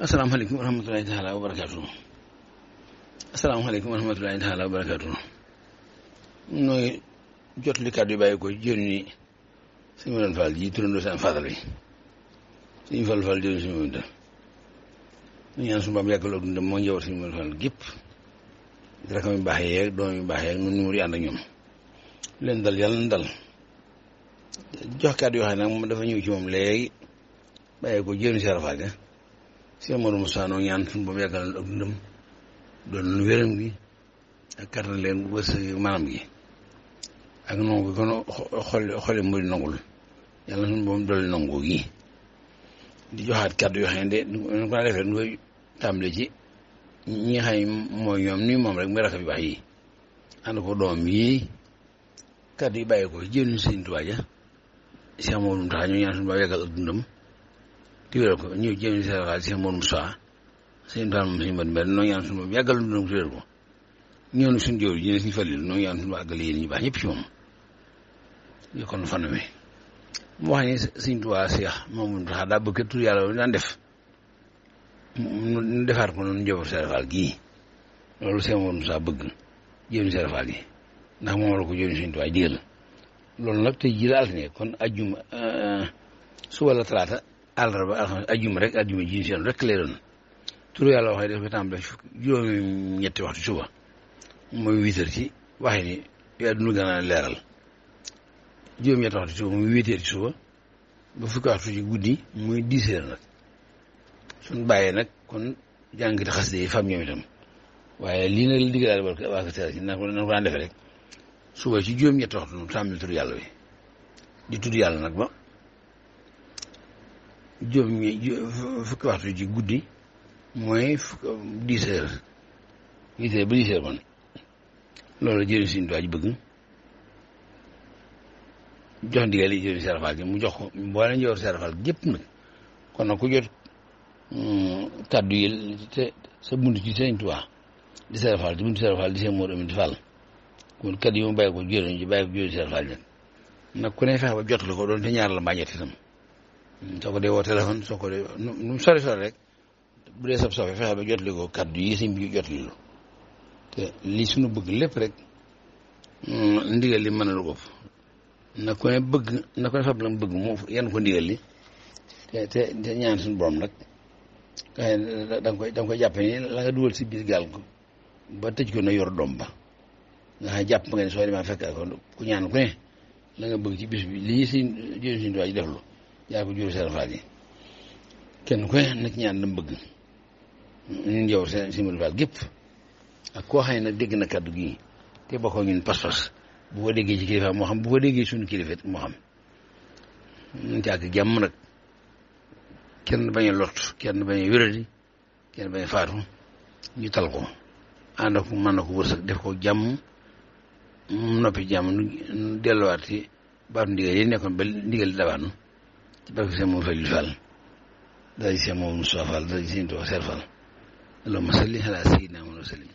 asalaamaaleykum wa rahmatulahi taala wa barakaatu asalaamaaleykum wa rahmatulahi taala wa barakaatu nooy jot li kàddu yi bàyyi ko jëriñ ni suñu mënoon faal ji turandoo seen faadal bi suñu fal faal jëriñ suñu mënoon ñu ñaan suñu baam yàggal ak dundam moo njaboot suñu rakam yu baax yeeg doom yu baax yeeg mu numéro yi ñoom leen dal yàlla na jox kàddu yoo xam nag moom dafa ñëw ci moom léegi bàyyi ko jëriñ si Cheikh Modou Moussa noo ñaan suñu boobu yàggal ak doon nu wéram gi ak kattan leen wërsëg maanaam gi ak nangu gi kon xol xoli mbir nangul yàlla suñu boobu dolli nangu gi di joxaat kàddu yoo xam ne de nu ko defee nu koy tàmbale ñi nga mooy ñoom ni moom rek muy rafet bi baax yi ànd ko doom yi kàddu yi bàyyi ko jëriñu seen tubaab ja Cheikh Modou Moussa ñoo ñaan suñu boobu yàggal ak te wéral ko ñëw jëm si Sénégal seen mboolu Moussa seen daal moom suñu mën mel noo ñaan suñu moom yàggal lu wéral ne ñu baax ñëpp ci kon fan wi wax ni suñ tuwaa seex moom tax daa bëgg yàlla bi daan def mu defaat ko noonu njaboot Sénégal gii loolu seen mboolu Moussa bëgg la ko àllarba alxames ajjuma rek ajjuma ji seen rek lay doon turu yàlla waxee dafay tàmbale juróomi ñetti waxtu suba mooy huit heures ci ni yaa dund leeral juróomi ñetti waxtu suba muy huit heures ci suba ba fukki waxtu ci guddi muy dix nag suñ bàyyee nag kon jàngite xasida yi fam ñoom itam waaye lii nag la digalaale waa waa Kër si nan ko nan ko daan defee rek suba ci juróom-ñetti waxtu nu tàmbali turu yàlla bi di tudd yàlla nag ba. juróom fukki waxtu ji guddi mooy dix heures dix heures ba dix heures man loolu jëriñ suñu doy ji bëgg jox ndigal yi jëriñ sarafal gi mu jox ko mboolem njoor sarafal gépp nag kon nag ku jot mm, kàddu yi te sa bunt ci Sëriñ Tuubaa di sarafal di bunt sarafal di seen moo amit fàll kon kàddu yi mu bàyyi ko jëriñ ji bàyyi ko jëriñ sarafal nag ku ne fexe ba jot la ko doon te ñaar la mbaa ñett itam Mm, soo ko dee a soo ko dee nu sori sori rek bu dee sab sofe fexe ba jot li ko kaddu yi si bi jot li lu te li bëgg lépp rek mm, ndigal li mën a lu na ko bëgg na ko fab la mu moo yan ko ndigal li te ñaan suñu borom nag da nga koy da koy jàppe ni la nga dugal si biir gaal ba tëj ko na yor doom ba nga xam jàpp nga ne soo demee fekk ko ku ñaan ku ne la nga bëgg ci bis bi lii si jëriñ si def lu yaa ko jur seen faal yi kenn koy na ci ñaan dam bëgg ñun yow seen simbal faal gépp ak koo xam ne dégg na kaddu gi te bokkoo ñun pas-pas bu ko déggee ci kilifa moo xam bu ko déggee sunu kilifa moo xam ñu jàkk jàmm nag kenn bañ a lot kenn bañ a wéradi ko ànd ak mën na ko wërsëg def ko jàmm noppi jàmm nu delluwaat ci baatu ndigal yi nekkoon ba ndigal dabaanu barke sëñ moom Falil Fall daaji sëñ moom Moussa Fall daaji sëñ Tuubaa Seer Fall allahumma salli ala sayyidina Muhammad wa sallim